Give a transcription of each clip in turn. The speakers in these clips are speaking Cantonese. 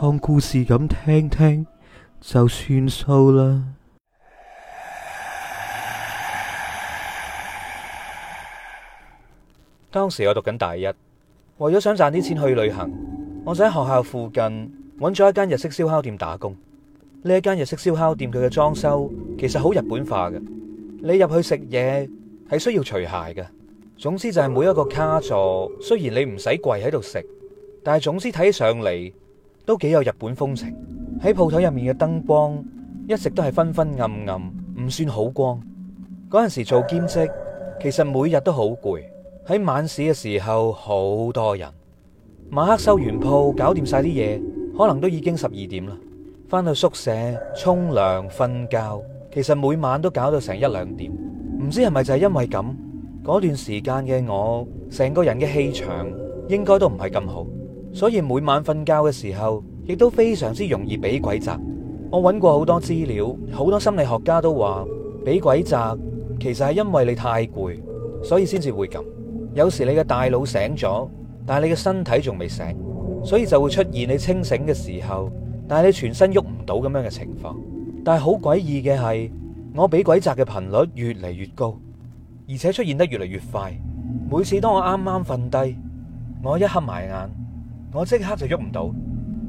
當故事咁聽聽就算數啦。當時我讀緊大一，為咗想賺啲錢去旅行，我就喺學校附近揾咗一間日式燒烤店打工。呢一間日式燒烤店佢嘅裝修其實好日本化嘅，你入去食嘢係需要除鞋嘅。總之就係每一個卡座，雖然你唔使跪喺度食，但係總之睇上嚟，都幾有日本風情，喺鋪頭入面嘅燈光一直都係昏昏暗暗，唔算好光。嗰陣時做兼職，其實每日都好攰。喺晚市嘅時候好多人，晚黑收完鋪，搞掂晒啲嘢，可能都已經十二點啦。翻到宿舍沖涼瞓覺，其實每晚都搞到成一兩點。唔知係咪就係因為咁，嗰段時間嘅我，成個人嘅氣場應該都唔係咁好。所以每晚瞓覺嘅時候，亦都非常之容易俾鬼壓。我揾過好多資料，好多心理學家都話俾鬼壓其實係因為你太攰，所以先至會咁。有時你嘅大腦醒咗，但係你嘅身體仲未醒，所以就會出現你清醒嘅時候，但係你全身喐唔到咁樣嘅情況。但係好詭異嘅係，我俾鬼壓嘅頻率越嚟越高，而且出現得越嚟越快。每次當我啱啱瞓低，我一瞌埋眼。我即刻就喐唔到。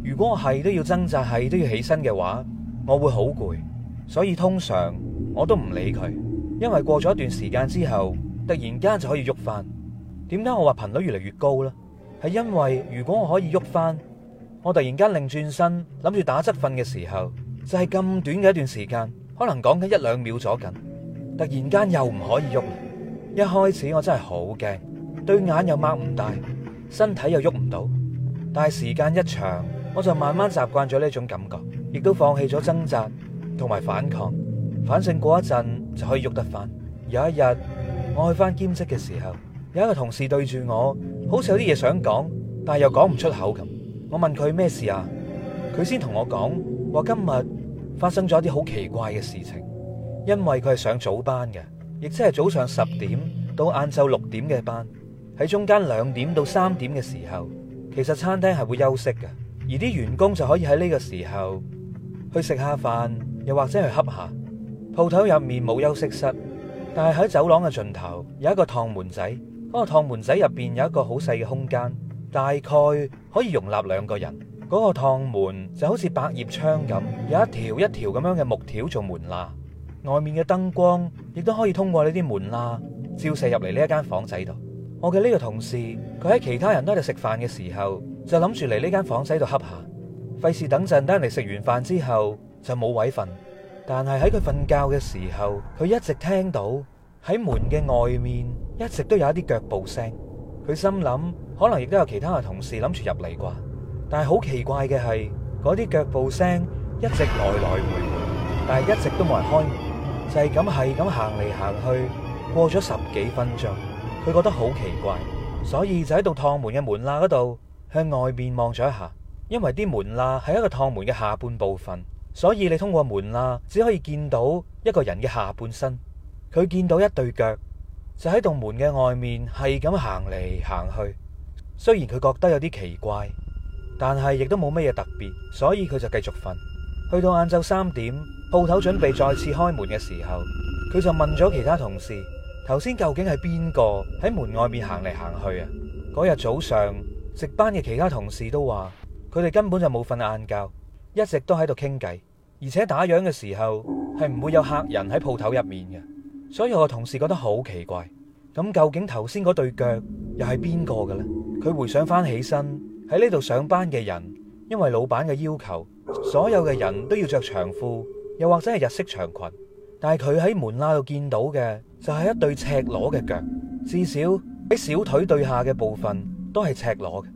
如果我係都要掙扎，係都要起身嘅話，我會好攰。所以通常我都唔理佢，因為過咗一段時間之後，突然間就可以喐翻。點解我話頻率越嚟越高呢？係因為如果我可以喐翻，我突然間擰轉身諗住打，打側瞓嘅時候，就係咁短嘅一段時間，可能講緊一兩秒左右，突然間又唔可以喐。一開始我真係好驚，對眼又擘唔大，身體又喐唔到。但係時間一長，我就慢慢習慣咗呢種感覺，亦都放棄咗掙扎同埋反抗。反正過一陣就可以喐得翻。有一日我去翻兼職嘅時候，有一個同事對住我，好似有啲嘢想講，但係又講唔出口咁。我問佢咩事啊？佢先同我講，話今日發生咗啲好奇怪嘅事情，因為佢係上早班嘅，亦即係早上十點到晏晝六點嘅班，喺中間兩點到三點嘅時候。其實餐廳係會休息嘅，而啲員工就可以喺呢個時候去食下飯，又或者去恰下。鋪頭入面冇休息室，但係喺走廊嘅盡頭有一個趟門仔。嗰個趟門仔入邊有一個好細嘅空間，大概可以容納兩個人。嗰個趟門就好似百葉窗咁，有一條一條咁樣嘅木條做門罅。外面嘅燈光亦都可以通過呢啲門罅照射入嚟呢一間房仔度。我嘅呢個同事，佢喺其他人都喺度食飯嘅時候，就諗住嚟呢間房仔度瞌下，費事等陣等人嚟食完飯之後就冇位瞓。但係喺佢瞓覺嘅時候，佢一直聽到喺門嘅外面一直都有一啲腳步聲。佢心諗可能亦都有其他嘅同事諗住入嚟啩，但係好奇怪嘅係嗰啲腳步聲一直來來回回，但係一直都冇人開門，就係咁係咁行嚟行去，過咗十幾分鐘。佢覺得好奇怪，所以就喺度趟門嘅門罅嗰度向外面望咗一下。因為啲門罅係一個趟門嘅下半部分，所以你通過門罅只可以見到一個人嘅下半身。佢見到一對腳，就喺度門嘅外面係咁行嚟行去。雖然佢覺得有啲奇怪，但係亦都冇乜嘢特別，所以佢就繼續瞓。去到晏晝三點，鋪頭準備再次開門嘅時候，佢就問咗其他同事，頭先究竟係邊個喺門外面行嚟行去啊？嗰日早上值班嘅其他同事都話，佢哋根本就冇瞓晏覺，一直都喺度傾偈，而且打烊嘅時候係唔會有客人喺鋪頭入面嘅。所有嘅同事覺得好奇怪。咁究竟頭先嗰對腳又係邊個嘅呢？佢回想翻起身喺呢度上班嘅人，因為老闆嘅要求，所有嘅人都要着長褲，又或者係日式長裙，但係佢喺門罅度見到嘅。就係一對赤裸嘅腳，至少喺小腿對下嘅部分都係赤裸嘅。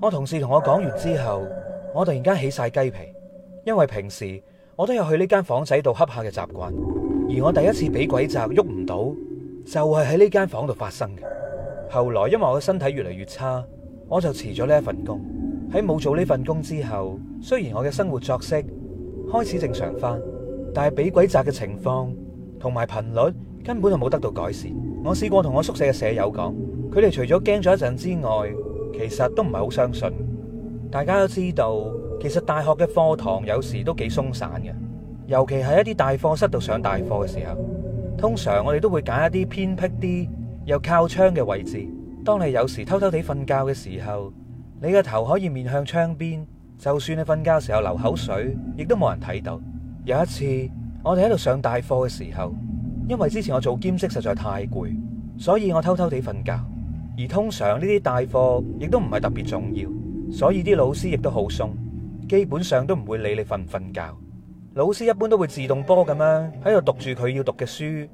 我同事同我講完之後，我突然間起晒雞皮，因為平時我都有去呢間房仔度瞌下嘅習慣，而我第一次俾鬼扎喐唔到，就係喺呢間房度發生嘅。後來因為我嘅身體越嚟越差，我就辭咗呢一份工。喺冇做呢份工之後，雖然我嘅生活作息開始正常翻，但係俾鬼扎嘅情況同埋頻率，根本就冇得到改善。我試過同我宿舍嘅舍友講，佢哋除咗驚咗一陣之外，其實都唔係好相信。大家都知道，其實大學嘅課堂有時都幾鬆散嘅，尤其係一啲大課室度上大課嘅時候，通常我哋都會揀一啲偏僻啲又靠窗嘅位置。當你有時偷偷地瞓覺嘅時候，你個頭可以面向窗邊，就算你瞓覺時候流口水，亦都冇人睇到。有一次，我哋喺度上大課嘅時候，因為之前我做兼職實在太攰，所以我偷偷地瞓覺。而通常呢啲大課亦都唔係特別重要，所以啲老師亦都好鬆，基本上都唔會理你瞓唔瞓覺。老師一般都會自動波咁樣喺度讀住佢要讀嘅書，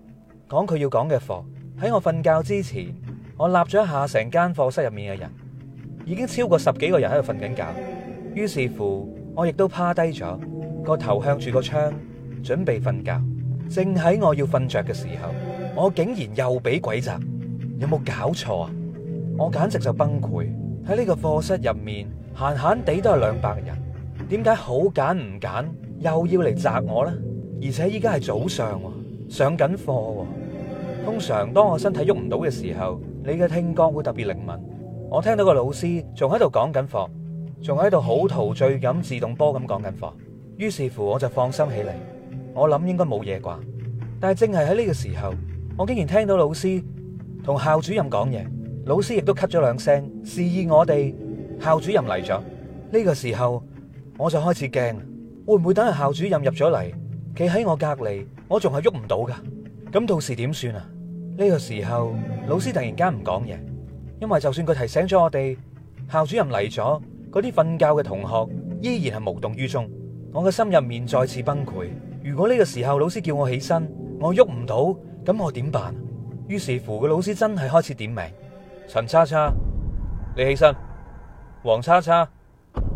講佢要講嘅課。喺我瞓覺之前，我立咗一下成間課室入面嘅人，已經超過十幾個人喺度瞓緊覺。於是乎，我亦都趴低咗，個頭向住個窗，準備瞓覺。正喺我要瞓着嘅時候，我竟然又俾鬼壓，有冇搞錯啊？我簡直就崩潰，喺呢個課室入面，閒閒地都係兩百人，點解好揀唔揀又要嚟壓我呢？而且依家係早上、啊、上緊課、啊，通常當我身體喐唔到嘅時候，你嘅聽覺會特別靈敏。我聽到個老師仲喺度講緊課，仲喺度好陶醉咁自動波咁講緊課，於是乎我就放心起嚟。我諗應該冇嘢啩，但係正係喺呢個時候，我竟然聽到老師同校主任講嘢。老師亦都咳咗兩聲，示意我哋校主任嚟咗。呢個時候我就開始驚，會唔會等下校主任入咗嚟，企喺我隔籬，我仲係喐唔到噶？咁到時點算啊？呢個時候老師突然間唔講嘢，因為就算佢提醒咗我哋校主任嚟咗，嗰啲瞓覺嘅同學依然係無動於衷。我嘅心入面再次崩潰。如果呢個時候老師叫我起身，我喐唔到，咁我點辦？於是乎，個老師真係開始點名：陳叉叉，你起身；黃叉叉，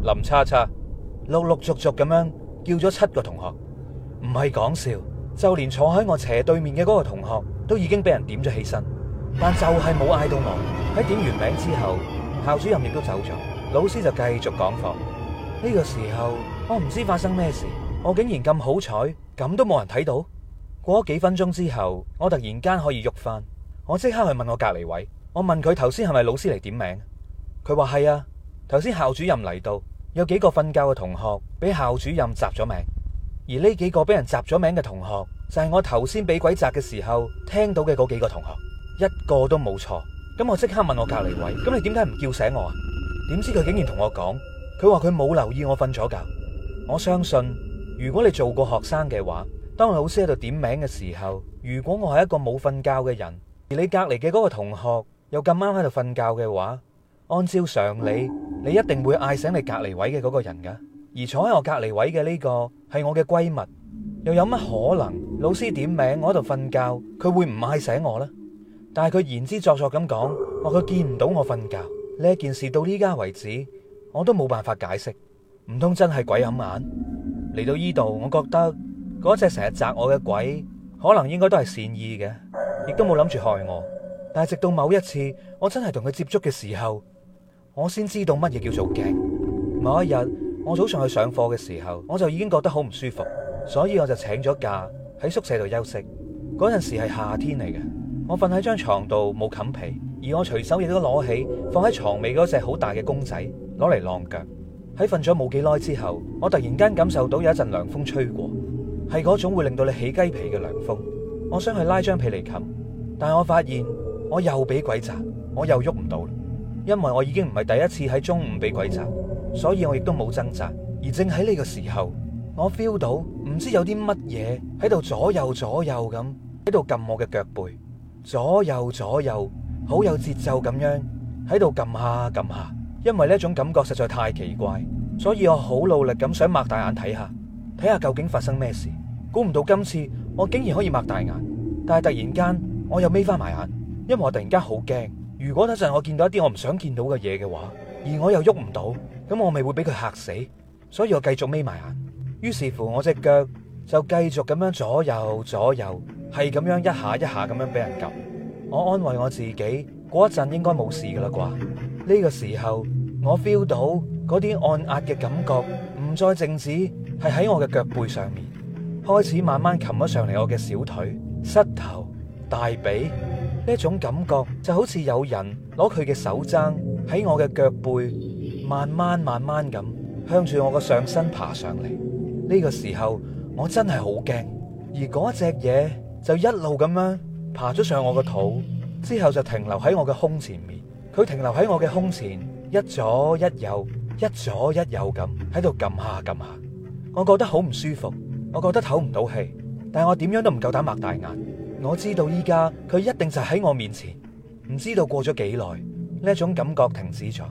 林叉叉，陸陸續續咁樣叫咗七個同學。唔係講笑，就連坐喺我斜對面嘅嗰個同學都已經俾人點咗起身，但就係冇嗌到我。喺點完名之後，校主任亦都走咗，老師就繼續講課。呢個時候，我唔知發生咩事。我竟然咁好彩，咁都冇人睇到。過咗幾分鐘之後，我突然間可以喐返，我即刻去問我隔籬位。我問佢頭先係咪老師嚟點名？佢話係啊。頭先校主任嚟到，有幾個瞓覺嘅同學俾校主任集咗名，而呢幾個俾人集咗名嘅同學就係我頭先俾鬼集嘅時候聽到嘅嗰幾個同學，一個都冇錯。咁我即刻問我隔籬位，咁你點解唔叫醒我啊？點知佢竟然同我講，佢話佢冇留意我瞓咗覺。我相信。如果你做過學生嘅話，當老師喺度點名嘅時候，如果我係一個冇瞓覺嘅人，而你隔籬嘅嗰個同學又咁啱喺度瞓覺嘅話，按照常理，你一定會嗌醒你隔籬位嘅嗰個人㗎。而坐喺我隔籬位嘅呢個係我嘅閨蜜，又有乜可能老師點名我喺度瞓覺，佢會唔嗌醒我呢？但係佢言之鑿鑿咁講話，佢、哦、見唔到我瞓覺呢件事，到而家為止，我都冇辦法解釋。唔通真係鬼掩眼？嚟到依度，我覺得嗰隻成日責我嘅鬼，可能應該都係善意嘅，亦都冇諗住害我。但係直到某一次，我真係同佢接觸嘅時候，我先知道乜嘢叫做驚。某一日，我早上去上課嘅時候，我就已經覺得好唔舒服，所以我就請咗假喺宿舍度休息。嗰陣時係夏天嚟嘅，我瞓喺張床度冇冚被，而我隨手亦都攞起放喺床尾嗰隻好大嘅公仔攞嚟晾腳。喺瞓咗冇幾耐之後，我突然間感受到有一陣涼風吹過，係嗰種會令到你起雞皮嘅涼風。我想去拉張被嚟冚，但我發現我又俾鬼抓，我又喐唔到。因為我已經唔係第一次喺中午俾鬼抓，所以我亦都冇掙扎。而正喺呢個時候，我 feel 到唔知有啲乜嘢喺度左右左右咁喺度撳我嘅腳背，左右左右，好有節奏咁樣喺度撳下撳下。因為呢種感覺實在太奇怪，所以我好努力咁想擘大眼睇下，睇下究竟發生咩事。估唔到今次我竟然可以擘大眼，但係突然間我又眯翻埋眼，因為我突然間好驚，如果嗰陣我見到一啲我唔想見到嘅嘢嘅話，而我又喐唔到，咁我咪會俾佢嚇死。所以我繼續眯埋眼，於是乎我隻腳就繼續咁樣左右左右，係咁樣一下一下咁樣俾人撳。我安慰我自己。嗰一陣應該冇事噶啦啩，呢個時候我 feel 到嗰啲按壓嘅感覺唔再靜止，係喺我嘅腳背上面開始慢慢擒咗上嚟我嘅小腿、膝頭、大髀，呢種感覺就好似有人攞佢嘅手踭喺我嘅腳背，慢慢慢慢咁向住我個上身爬上嚟。呢個時候我真係好驚，而嗰隻嘢就一路咁樣爬咗上我個肚。之後就停留喺我嘅胸前面，佢停留喺我嘅胸前，一左一右，一左一右咁喺度撳下撳下，我覺得好唔舒服，我覺得唞唔到氣，但係我點樣都唔夠膽擘大眼，我知道依家佢一定就喺我面前。唔知道過咗幾耐，呢一種感覺停止咗，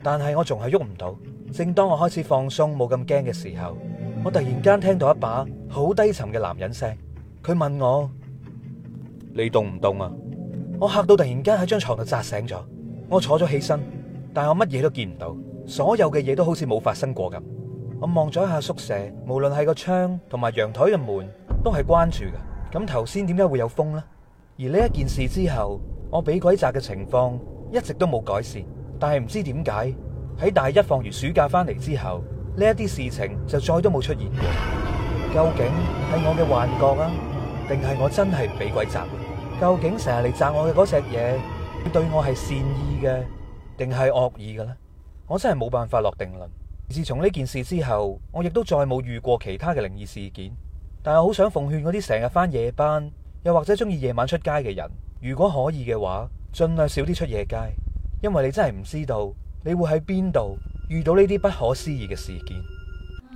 但係我仲係喐唔到。正當我開始放鬆冇咁驚嘅時候，我突然間聽到一把好低沉嘅男人聲，佢問我：你凍唔凍啊？我嚇到突然間喺張床度扎醒咗，我坐咗起身，但係我乜嘢都見唔到，所有嘅嘢都好似冇發生過咁。我望咗一下宿舍，無論係個窗同埋陽台嘅門都係關住嘅。咁頭先點解會有風呢？而呢一件事之後，我俾鬼砸嘅情況一直都冇改善，但係唔知點解喺大一放完暑假翻嚟之後，呢一啲事情就再都冇出現過。究竟係我嘅幻覺啊，定係我真係俾鬼砸？究竟成日嚟砸我嘅嗰隻嘢，對我係善意嘅，定係惡意嘅呢？我真係冇辦法落定論。自從呢件事之後，我亦都再冇遇過其他嘅靈異事件。但係好想奉勸嗰啲成日返夜班，又或者中意夜晚出街嘅人，如果可以嘅話，盡量少啲出夜街，因為你真係唔知道你會喺邊度遇到呢啲不可思議嘅事件。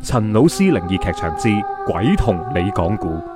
陳老師靈異劇場之鬼同你講古。